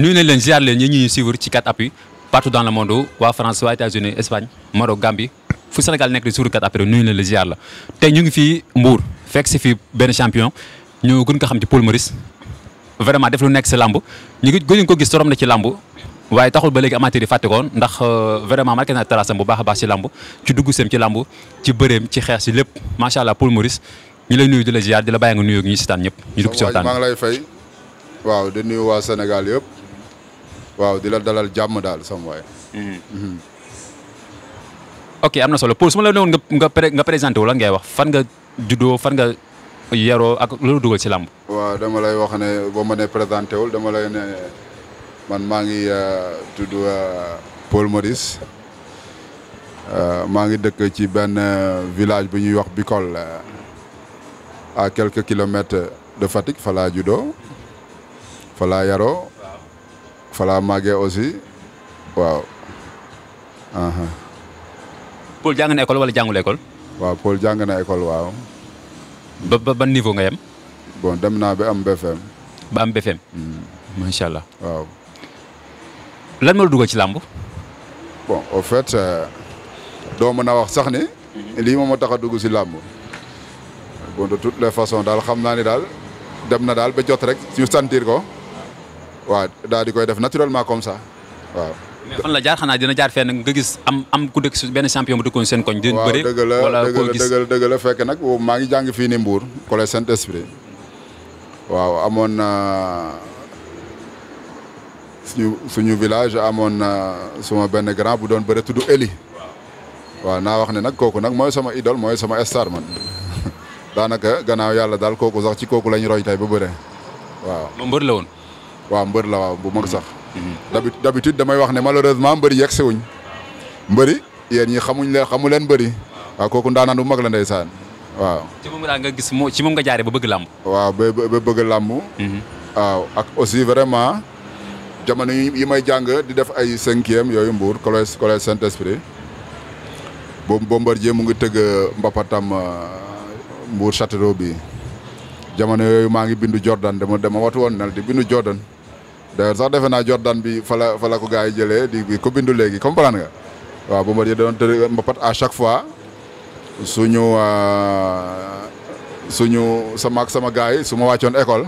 nuyu nañ leen ziar leen ñi ñuy suivre ci 4appuis partout dans le monde waa France waa États-Unis Espagne Maroc Gambie fu Sénégal nekk di suivre 4appuis nuyu leen ziar la tey ñu ngi fii Mbour fekk si fii benn champion ñu gën ko xam ci Paul Maurice vraiment def lu nekk si lamb ñu ngi gënuñ ko gis torom na ci lamb waaye taxul ba léegi amateur yi fàtte ko woon ndax euh, vraiment marqué na traçam bu baax a baax si làmb ci dugg seem ci làmb ci bëreem ci xeex si lépp macha allah Paul Maurice ñu lay nuyu di la ziar di ñëpp. ñu dugg si waxtaan maa ngi lay fay yëpp waaw di la dalal jàmm daal sama waay. Mm-hmm. Mm-hmm. ok am na solo Paul su ma la newoon nga présenté wu lan ngay wax fan nga juddoo fan nga yaro ak loolu dugal si lamb waaw dama lay wax ne boo ma ne présenté wul dama lay ne man maa ngi euh, tudd euh, Paul Maurice euh, maa ngi dëkk ci benn village bu ñuy wax Bicol à quelques kilomètres de Fatick fa laa juddoo yaro falaa màggee aussi waaw. Paul jàng na école wala jàngul école. waaw ba ba niveau nga bon dem naa ba am BFM. ba am BFM. Mm. macha allah. waaw. lan moo la dugal ci làmb. bon au fait euh, doo mën a wax sax ni. Mhm. lii moom moo tax a dugg ci làmb. bon de toutes les façons daal xam naa ni daal dem na daal ba jot rek ñu sentir ko. waaw daal di def naturellement comme ça waaw. mais fan la jaar xanaa dina jaar fenn nga gis am am ku dëkk benn champion bu dëkkoon seen koñ. di bëri wala koo gis waaw dëgg la dëgg nag maa ngi jàng fii ni Mbour. collège Saint-Esprit waaw amoon na euh, suñu suñu village amoon na euh, suma benn grand bu doon bëri tudd Eli. waaw naa wax ne nag kooku nag mooy sama idol mooy sama star man daanaka gannaaw yàlla daal kooku sax ci kooku la ñu roy tey ba bëre waaw. moom mbër la woon. waaw mbër la waaw bu mag sax. Mhm. d'habitude damay wax ne malheureusement mbëri yegg si wuñ mbëri yéen ñi xamuñ leen xamu leen mbëri waaw kooku ndaanaan bu mag la ndeysaan waaw. ci moom daal nga gis ci moom nga jaaree ba bëgg lamb waaw ba bëgg làmb. waaw mhm. aussi vraiment jamono yi may jàng di def ay cinquième yooyu Mbour collège collège Saint-Esprit boobu Bombardier mu ngi tëgg euh, mbapatam euh, Mbour Château bi jamono yooyu maa ngi bindu Jordan dama dama watu woon nal di bindu Jordan. d'ailleurs sax defe naa Jordan bi fa la fa la ko gars yi jëlee di ko bindu léegi comprendre nga waaw Bombardier da doon tëdd mbapat a chaque fois suñu euh, suñu sama ak sama gars yi su wàccoon école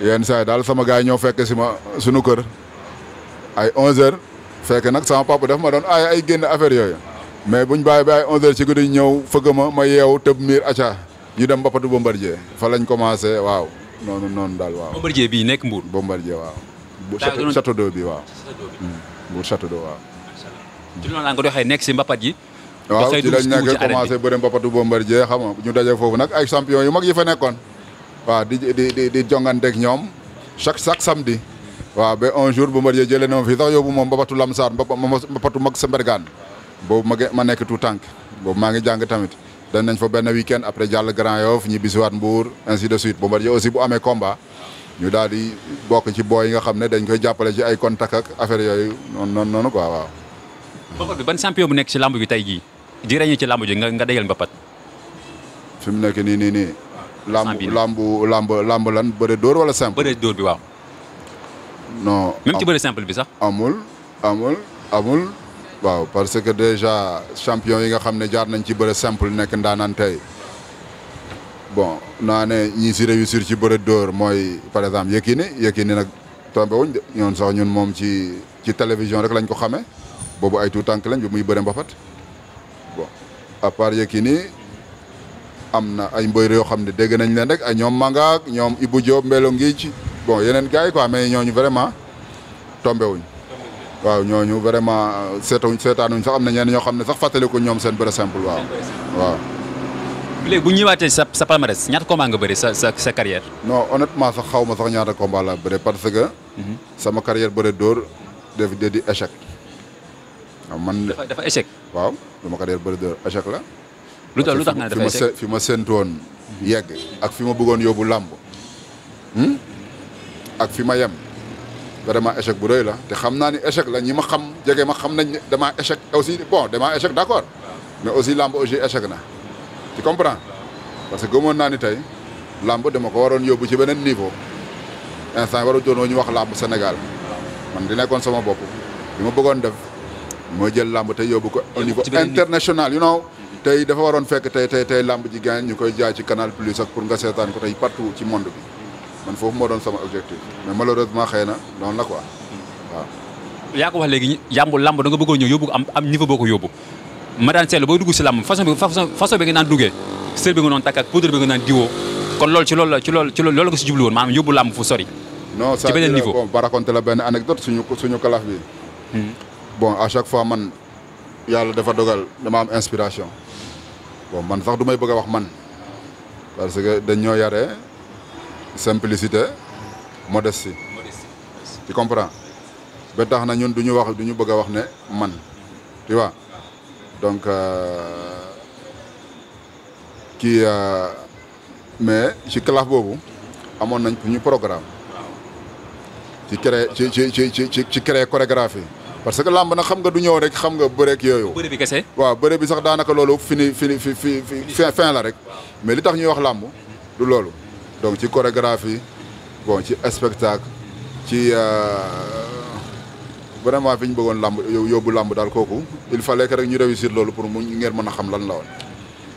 yenn saa daal sama gars yi ñoo fekk si ma suñu kër ay 11h fekk nag sama papa daf ma doon ay ay génn affaire yooyu mais buñ bàyyi ba ay 11h ci guddi ñëw fëgg ma ma yeewu tëb miir acca ñu dem mbapatu Bombardier fa lañ commencé waaw. noonu noonu daal waaw. bombardier bii nekk Mbour. bombardier waaw. bu château d'eau bi waaw. bu mm. château d'eau waaw. ci noonu laa nga nekk si mbapat yi. waaw ci lañ nekk commencé bëre mbapatu bombardier xam nga ñu daje foofu nag ay champion yu mag yi fa nekkoon. waaw di di di di jonganteeg ñoom chaque chaque samedi. waaw be un jour bombardier jëlee na ma fii sax yóbbu moom mbapatu lamsaar mbapatu mag sa mbergaan boobu ma ma nekk tout tànk boobu maa ngi jàng tamit dañ nañ fa benn week-end après jàll Grand Yoff ñi bisiwaat Mbour ainsi de suite Bombardier aussi bu amee combat ñu daal di bokk ci booy yi nga xam ne dañ koy jàppale ci ay contact affaire yooyu noonu noonu noonu quoi waaw. Bokar bi ban champion bu nekk ci lamb bi tey jii di ràññee ci lamb ji nga nga dajal mbapat. fi mu nekk nii nii nii. lamb lamb lamb lamb lan bëre dóor wala simple. bëre door bi waaw. non même ci bëre simple bi sax. amul amul amul. waaw parce que déjà champion yi nga xam ne jaar nañ ci bëre simple nekk ndaanaan tey bon naa ne ñi si réussir ci bëre dóor mooy par exemple Yékini Yékini nag tombé wuñ ñoon sax ñun moom ci ci télévision rek lañ ko xame boobu ay tout tànk lañ bi muy bëre mbapat bon à part Yékini am na ay mbër yoo xam ne dégg nañ leen rek ay ñoom Manga ñoom Ibou Diop ngi ci bon yeneen gars yi quoi mais ñooñu vraiment tombé wuñ waaw ñooñu vraiment seetawuñ seetaanuñ sax am na ñenn ñoo xam ne sax fàttaliku ñoom seen bëre simple waaw waaw. léegi bu ñu ñëwaatee sa sa palmarès ñaata combat nga bëri sa sa sa carrière. non honnêtement sax xaw ma sax ñaata combat laa bëri parce que. Mhm. sama carrière bëre dóor def de di échec. Ah, man dafa échec. waaw sama carrière bëre dóor échec la. lu tax lu tax nga dafa échec fi ma séntu woon yegg ak fi ma bëggoon yóbu làmb. Hmm? ak fi ma yem. vraiment échec bu doy la te xam naa ni échec la ñi ma xam jege ma xam nañ ne damaa échec aussi bon damaa échec d'accord mais aussi làmb aussi échec na tu comprends parce que gëmoon naa ni tey làmb dema ko waroon yóbbu ci beneen niveau instant yi waru doonoo ñu wax làmb Sénégal man di nekkoon sama bopp ma bëggoon def mooy jël làmb tey yóbbu ko au niveau international you know tey dafa waroon fekk tey tey tey làmb ji gaañ ñu koy jaay ci Canal Plus ak pour nga seetaan ko tey partout ci monde bi man foofu moo doon sama objectif mais malheureusement xëy na noonu la quoi waaw. yaa ko wax léegi yàmbu làmb da nga bëggoon ñëw yóbbu am am niveau boo ko yóbbu ma daan seetlu boo dugg si làmb façon bi façon bi nga naan duggee sër bi nga noon takk ak poudre bi nga naan diwoo kon loolu ci loolu la ci loolu ci loolu la ko si jublu woon maanaam yóbbu làmb fu sori. non ça euh, veut dire bon ba raconter la benn anecdote suñu suñu kalaf bi. Hmm. bon à chaque fois man yàlla dafa dogal dama am inspiration bon man sax du bëgg a wax man parce que ñoo yaree. simplicité modestie tu comprends ba tax na ñun du ñu wax du ñu bëgg a wax ne man tu vois donc euh, kii euh, mais ci classe boobu amoon nañ ñu programme ci créé ci ci ci ci ci ci créé chorégraphie parce que làmb na xam nga du ñëw rek xam nga bëreek yooyu. bëre kese. waaw bëre bi sax daanaka loolu fini fini fi fi fin la rek mais li tax ñuy wax làmbu du loolu. donc ci chorégraphie bon ci spectacle ci euh, vraiment fi ñu bëggoon làmb yóbbu lamb daal kooku il fallait lekk rek ñu réussir loolu pour mu ngeen mën a xam lan la woon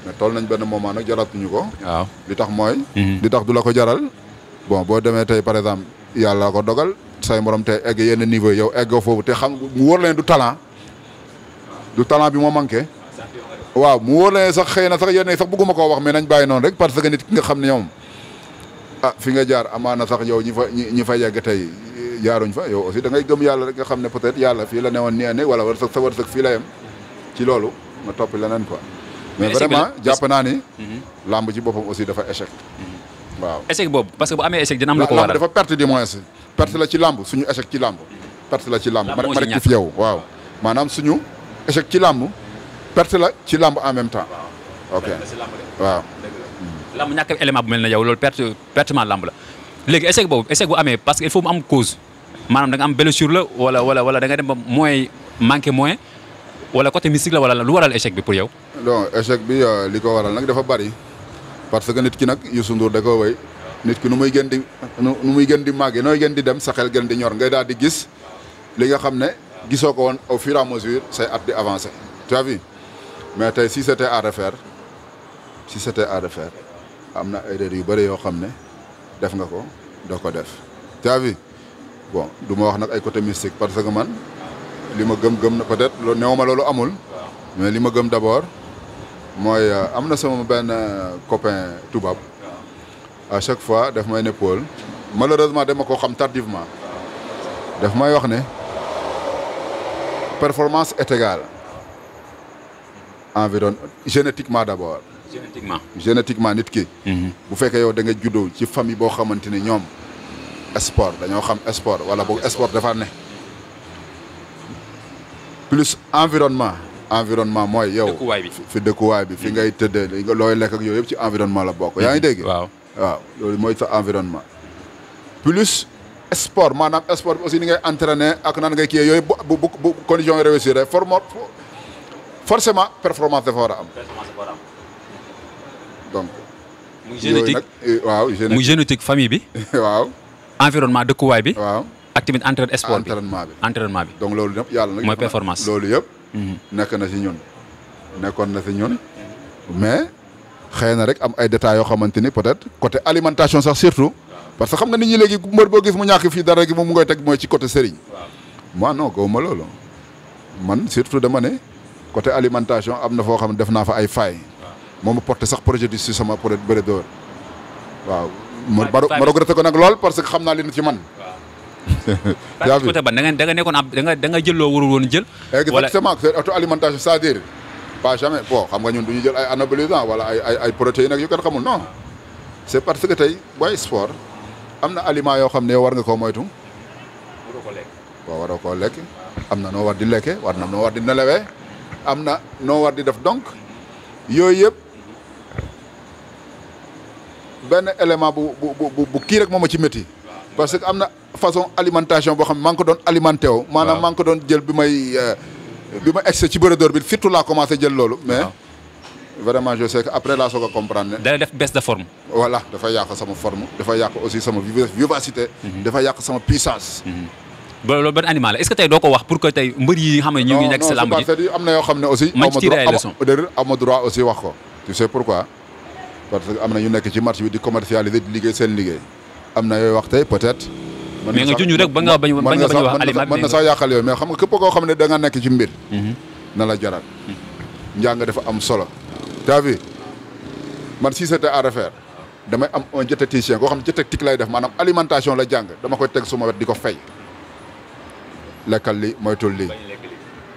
mais nañ benn moment nag jaratuñu ko. waaw li tax mooy. di mhm. tax du la ko jaral. bon boo demee tey par exemple yàlla ko dogal say morom tey egg yenn niveau yow eggoo foofu te xam mu wóor leen du talent du talent bi moo manqué. waaw mu wóor leen sax xëy na sax yenn sax wax mais nañ bàyyi noonu rek parce que nga xam ne ñoom. ah fi nga jaar amaana sax yow ñi fa ñi fa yegg tey jaaruñ fa yow aussi da gëm yàlla rek nga xam ne peut yàlla fii la newoon nii ne wala war sa sa wërsëg fii la yem ci loolu nga topp leneen quoi. mais vraiment jàpp naa ni. Mm-hmm. làmb ci boppam aussi dafa échec. Mm-hmm. waaw échec boobu parce que bu amee échec dina am lu ko waral dafa perte du moins perte la ci làmb suñu échec ci làmb. perte la ci làmb ma rek ci fi ci làmb perte la ci làmb en même temps. waaw. lamb ñàkk élément bu mel ne yow loolu perte pertement lamb la léegi échec boobu échec bu amee parce que il faut mu am cause maanaam da nga am blessure la wala wala wala da nga dem ba moyen manqué moyen wala côté mystique la wala lu waral échec bi pour yow. donc échec bi euh, li ko waral nag dafa bari parce que nit ki nag Youssou Ndour da ko woy nit ki nu muy gën di nu muy gën di màggee nooy gën di dem saxel xel gën di ñor ngay daal di gis li nga xam ne gisoo ko woon au fur et à mesure say at avancer tu mais tey si c'était à refaire si c'était à refaire. am na erreur yu bëri yoo xam ne def nga ko doo ko def tu vu bon du ma wax nag ay côté mystique parce que man li ma gëm gëm na peut-être loolu néew ma loolu amul. mais li ma gëm d'abord mooy euh, am na sama benn euh, copain tubaab. à chaque fois def may ne Paul malheureusement dama ko xam tardivement daf may wax ne performance est égale environ génétiquement d'abord. génétiquement nit ki. Mhm. bu fekkee yow da nga juddoo ci famille boo xamante ne ñoom sport dañoo xam sport wala boog sport dafa ne. plus environnement. environnement mooy yow dëkkuwaay bi fi dëkkuwaay bi fi ngay tëddee looy lekk ak yooyu yëpp ci environnement la bokk. yaa ngi dégg mhm. waaw waaw loolu mooy sa environnement. plus sport maanaam sport bi aussi ni ngay entraîner ak nan ngay kii yooyu bu bu bu condition réussir rek formo forcément performance dafa war am. donc. muy génétique eh, waaw génétique muy génétique famille bi. waaw. environnement dëkkuwaay bi. waaw ak tamit entraînement sport bi entraînement bi. donc loolu yëpp yàlla nag. mooy performance loolu yëpp. Mhm. nekk na si ñun. nekkoon na si ñun. mais xëy na rek am ay détails yoo xamante ni peut-être côté alimentation sax surtout. parce que xam na ni ñi léegi mbër boo gis mu ñàkk fii dara gi moom mu ngoy teg mooy ci côté sëriñ. moi non gaw ma loolu. man surtout dama ne côté alimentation am na foo xam ne def naa fa ay failles. moo ma porté sax projet di si sama projet bëre door waaw. ma ma regretté ko nag lool parce que xam naa li na ci man. yaa ngi ban da nga da nga nekkoon ab da da nga jël loo warul woon jël. Eh, wala exactement c'est auto alimentation c'est-à-dire pas jamais bon xam nga ñun du ñu jël ay anabolisant wala ay ay ay protéines ak yu kenn xamul non. c'est parce que tey booy sport am na aliment yoo xam ne war nga koo moytu. waroo koo waroo koo lekk am na noo war di lekke war na noo war di nelawee am na noo war di def donc yooyu yëpp. benn élément bu bu bu kii rek moom ma ci métti. parce que am na façon alimentation boo xam ne maa ngi ko doon alimenté woo. maanaam maa ngi ko doon jël bi may euh, bi ma egsi ci bëre door bi surtout laa commencé jël loolu. mais vraiment je sais après laa soog a comprendre ne. dana def baisse de forme. voilà dafa yàq sama forme dafa yàq aussi sama vivacité. Mhm. dafa yàq sama puissance. Mhm. ba loolu benn animal la est-ce que tey doo ko wax pour que tey mbër yi nga xam ne ñu ngi am na yoo xam ne aussi. ma ci tiiree ay leçons parce que am na ñu nekk ci marché bi di commercialiser di liggéey seen liggéey am na yooy wax tey peut-être. mais nga juñu rek ba nga bañ a wax na sax yàqal yooyu mais xam nga képp koo xam ne da nga nekk ci mbir. Mhm. na la jaral. njàng dafa am solo. t'as vu man si c'était à refaire damay am un diététicien koo xam tik lay def maanaam alimentation la jàng dama koy teg suma wet di ko fay lekkal li moytul lii.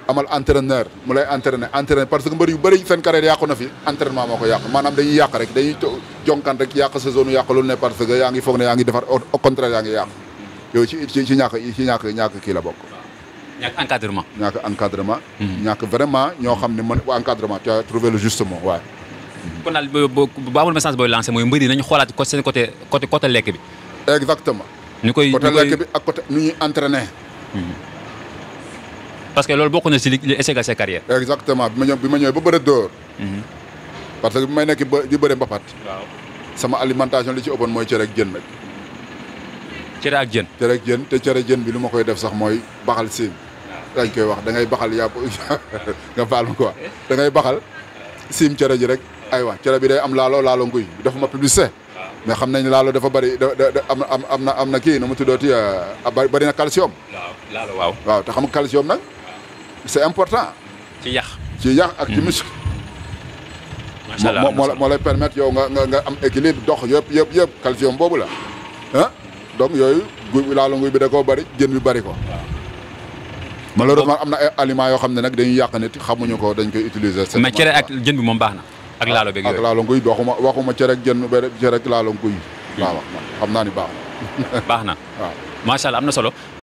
amal entraîneur mu lay entraîné entraîné parce que mbër yu bëri seen na fi entraînement moo ko yàq maanaam dañuy yàq rek dañuy jonkan rek yàq saison u yàq loolu ne parce que yaa ngi foog ne yaa ngi defar au contraire yaa ngi yàq yooyu ci ci bokk ñàkk encadrement ñàkk encadrement hmm. ñoo xam ne man encadrement tu as trouvé le juste mot waaye kon daal bu amul message booy lancé mooy mbër yi nañu xoolaat seen côté côté lekk bi exactement ñu koy côté lekk bi parce que loolu bokk na si li échec sa carrière. exactement bi ma ñëw bi ma ñëwee mhm. parce que bi may nekk ba di bëre mbapat. waaw sama alimentation li ci ëppoon mooy cere ak jën nag. cere ak jën. te cere jën bi lu ma koy def sax mooy baxal siim. dañ koy wax da ngay baxal yàpp nga baal ma quoi da ngay baxal siim cere ji rek aywa cere bi day am laalo laalo nguy dafa ma publicité. mais xam nañ laalo dafa bëri da am am am na am na kii nu mu tuddooti euh, bëri na calcium. waaw laalo waaw. waaw te xam nga calcium nag. c'est important. ci yax ci yax ak ci mm. muscle. macha allah moo moo lay yow nga nga am équilibre dox yëpp yëpp yëpp calcium boobu la ah donc yooyu guy laalo nguy bi da koo bëri jën bi bëri ko. malheureusement am na ay aliment yoo xam ne nag dañuy yàq nit xamuñu ko dañ koy utiliser. seen mais cere jën bi moom baax na. ak laalo beeg yooyu ak laalo nguy waxuma waxuma cere jën ba cere ak laalo nguy. Hmm. waaw xam naa ni baax na. baax na am na solo.